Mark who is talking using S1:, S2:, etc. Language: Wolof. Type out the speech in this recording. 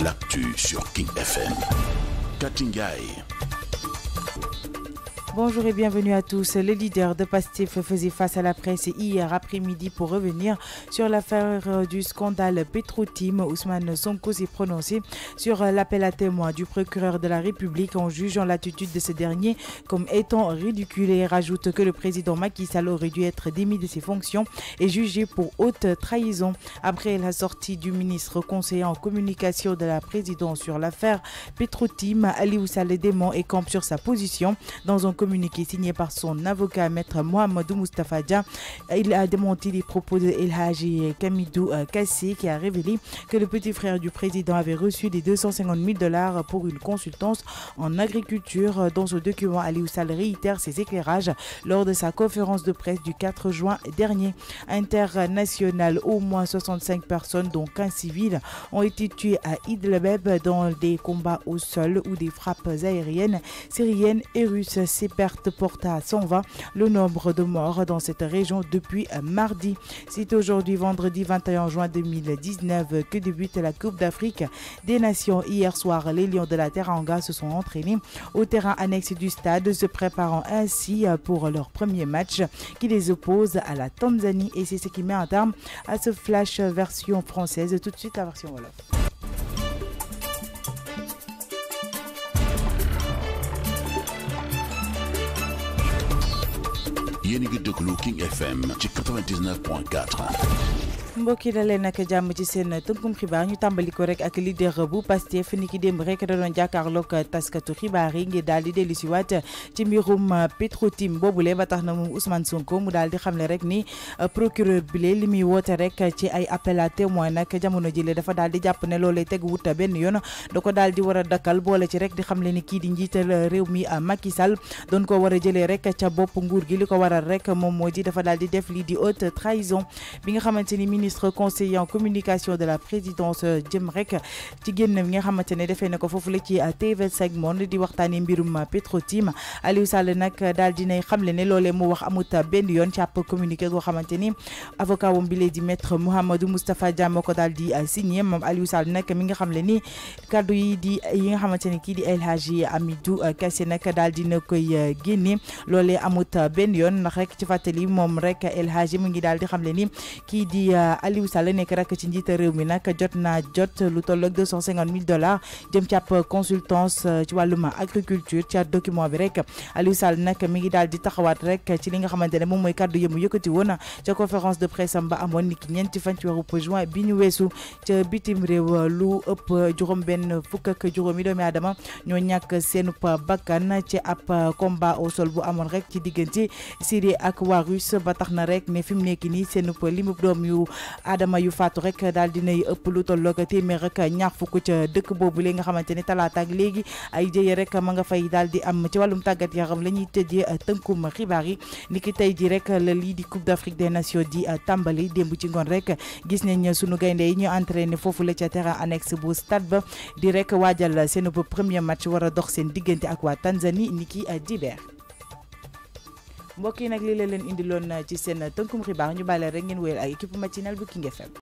S1: l'actu sur King FM. Katingai. Bonjour et bienvenue à tous. Le leader de Pastif faisait face à la presse hier après-midi pour revenir sur l'affaire euh, du scandale Team. Ousmane Sonko s'est prononcé sur euh, l'appel à témoins du procureur de la République en jugeant l'attitude de ce dernier comme étant ridicule et rajoute que le président Macky Sall aurait dû être démis de ses fonctions et jugé pour haute trahison. Après la sortie du ministre conseiller en communication de la présidence sur l'affaire Team, Ali oussal dément et campe sur sa position dans un communiqué signé par son avocat, maître Mohamedou Mustafa Dia, il a démenti les propos de El Haji Kamidou euh, Kassi qui a révélé que le petit frère du président avait reçu des 250 000 dollars pour une consultance en agriculture. Dans ce document, Ali Oussal réitère ses éclairages lors de sa conférence de presse du 4 juin dernier. International, au moins 65 personnes, dont 15 civils, ont été tuées à Idlebeb dans des combats au sol ou des frappes aériennes syriennes et russes. Perte portent à 120 le nombre de morts dans cette région depuis mardi. C'est aujourd'hui vendredi 21 juin 2019 que débute la Coupe d'Afrique des Nations. Hier soir, les Lions de la Teranga se sont entraînés au terrain annexe du stade, se préparant ainsi pour leur premier match qui les oppose à la Tanzanie. Et c'est ce qui met un terme à ce flash version française. Tout de suite, la version Wolof. yéen de King FM 99.4 mbokk yi dalee nag jàmm ci seen tënkum xibaar ñu tàmbali ko rek ak leader bu Pastef ni ki démb rek da doon a taskatu xibaar yi ngir daal di dellu si waat ci mbirum petro ba tax na moom Ousmane Sonko mu daal di xamle rek ni procureur bile li muy woote rek ci ay appel à témoin nag jamono jile dafa daal di jàpp ne loolee teg wut benn yoon da ko daal di war a dakkal boole ci rek di xamle ni kii di njiital réew mi Macky Sall doon ko war a jëlee rek ca bopp nguur gi li ko waral rek moom moo di dafa daal di def lii di haute trahison bi nga xamante ministre conseiller en communication de la présidence Djemrek euh, rek ci génnam nga xamante ne defee na ko la ci euh, TV Monde di waxtaanee mbirum euh, Petrotim Aliou Sall nak daal dinay xamlé ne lolé mu wax amut ben yoon ci app communiqué go avocat wum bi lé di maître Mohamedou Mustapha Dia moo ko daal di signé Aliou Sall nak mi nga xamlé ni cadeau yi di yi nga xamante ki di El Hadji Amidou Kassé nak daal dina koy génne loolee amut benn rek ci fàttali mom rek El Hadji mu ngi daal di ni ki di Aliou Sall nekk rek ci njiita réew mi nag jot naa jot lu toll ak 250 000 dollars jëm ci ab consultance euh, ci wàllum agriculture ci document bi rek Aliou Sall nag mi ngi daal di taxawaat rek ci li nga xamante ne moom mooy kàddu yëmu yëkkati woon ca conférence de presse am ba amoon ni ki ñeenti fan ci weeru juin bi ñu weesu ca bitim réew euh, lu ëpp juróom benn fukk ak juróomi doomi aadama ñoo ñàkk seenub bakkan ci ab euh, combat au sol bu amoon rek ci diggante Syrie ak waa tax na rek fi mu nekk nii seenub limub doom yu aadama yu faatu rek daal dinay ëpp lu tolloog téeméer rek ñaar fukk ca dëkk boobu li nga xamante ni talaata ak léegi ay jëye rek ma nga fay daal di am ci wàllum tàggat yaram la ñuy tëjee tënkum xibaar yi ni ki tey ji rek la lii di Coupe d'Afrique des Nations di tàmbali démb ci ngoon rek gis nañ sunu gaynde yi ñu entraîné foofu la ca terrain annexe bu stade ba di rek waajal seen premier match war a dox seen diggante ak waa Tanzanie ni ki jibeer mbokk yi nag lii la leen indiloon na seen tënkum xibaar ñu bàyyi rek ngeen wéyal ak équipe matinale bu